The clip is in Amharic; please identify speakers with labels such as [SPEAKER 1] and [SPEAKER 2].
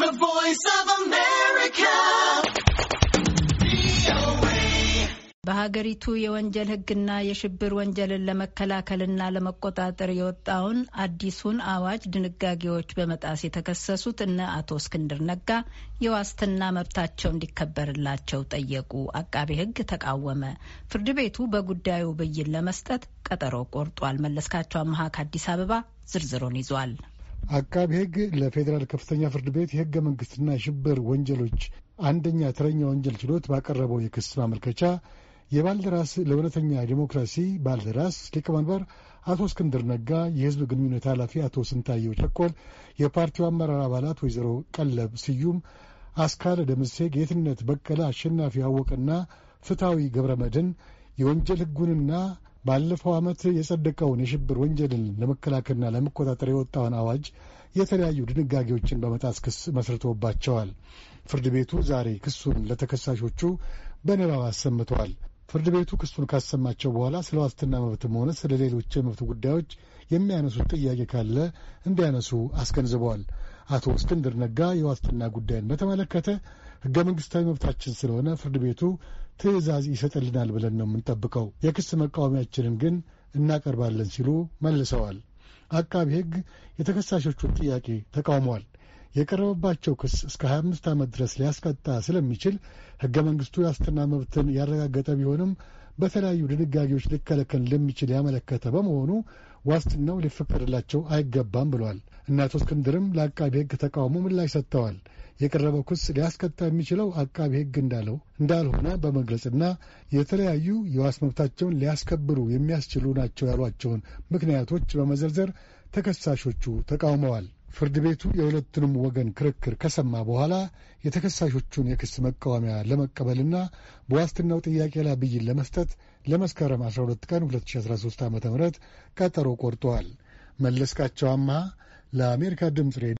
[SPEAKER 1] The Voice of America. በሀገሪቱ የወንጀል ሕግና የሽብር ወንጀልን ለመከላከልና ለመቆጣጠር የወጣውን አዲሱን አዋጅ ድንጋጌዎች በመጣስ የተከሰሱት እነ አቶ እስክንድር ነጋ የዋስትና መብታቸው እንዲከበርላቸው ጠየቁ። አቃቤ ሕግ ተቃወመ። ፍርድ ቤቱ በጉዳዩ ብይን ለመስጠት ቀጠሮ ቆርጧል። መለስካቸው አመሀ ከአዲስ አበባ ዝርዝሩን ይዟል።
[SPEAKER 2] አቃቢ ሕግ ለፌዴራል ከፍተኛ ፍርድ ቤት የሕገ መንግሥትና የሽብር ወንጀሎች አንደኛ ተረኛ ወንጀል ችሎት ባቀረበው የክስ ማመልከቻ የባልደራስ ለእውነተኛ ዲሞክራሲ ባልደራስ ሊቀመንበር አቶ እስክንድር ነጋ፣ የህዝብ ግንኙነት ኃላፊ አቶ ስንታየው ቸኮል፣ የፓርቲው አመራር አባላት ወይዘሮ ቀለብ ስዩም፣ አስካለ ደምሴ፣ ጌትነት በቀለ፣ አሸናፊ አወቅና ፍትሐዊ ገብረ መድን የወንጀል ሕጉንና ባለፈው ዓመት የጸደቀውን የሽብር ወንጀልን ለመከላከልና ለመቆጣጠር የወጣውን አዋጅ የተለያዩ ድንጋጌዎችን በመጣስ ክስ መስርቶባቸዋል። ፍርድ ቤቱ ዛሬ ክሱን ለተከሳሾቹ በንባብ አሰምተዋል። ፍርድ ቤቱ ክሱን ካሰማቸው በኋላ ስለ ዋስትና መብትም ሆነ ስለ ሌሎች የመብት ጉዳዮች የሚያነሱት ጥያቄ ካለ እንዲያነሱ አስገንዝበዋል። አቶ እስክንድር ነጋ የዋስትና ጉዳይን በተመለከተ ህገ መንግስታዊ መብታችን ስለሆነ ፍርድ ቤቱ ትዕዛዝ ይሰጥልናል ብለን ነው የምንጠብቀው፣ የክስ መቃወሚያችንን ግን እናቀርባለን ሲሉ መልሰዋል። አቃቢ ህግ የተከሳሾቹን ጥያቄ ተቃውሟል። የቀረበባቸው ክስ እስከ 25 ዓመት ድረስ ሊያስቀጣ ስለሚችል ህገ መንግስቱ የዋስትና መብትን ያረጋገጠ ቢሆንም በተለያዩ ድንጋጌዎች ሊከለከል እንደሚችል ያመለከተ በመሆኑ ዋስትናው ሊፈቀድላቸው አይገባም ብለዋል። እነ አቶ እስክንድርም ለአቃቢ ሕግ ተቃውሞ ምላሽ ሰጥተዋል። የቀረበው ክስ ሊያስቀጣ የሚችለው አቃቢ ሕግ እንዳለው እንዳልሆነ በመግለጽና የተለያዩ የዋስ መብታቸውን ሊያስከብሩ የሚያስችሉ ናቸው ያሏቸውን ምክንያቶች በመዘርዘር ተከሳሾቹ ተቃውመዋል። ፍርድ ቤቱ የሁለቱንም ወገን ክርክር ከሰማ በኋላ የተከሳሾቹን የክስ መቃወሚያ ለመቀበልና በዋስትናው ጥያቄ ላይ ብይን ለመስጠት ለመስከረም 12 ቀን 2013 ዓ ም ቀጠሮ ቆርጠዋል። መለስካቸው አምሃ ለአሜሪካ ድምፅ ሬዲዮ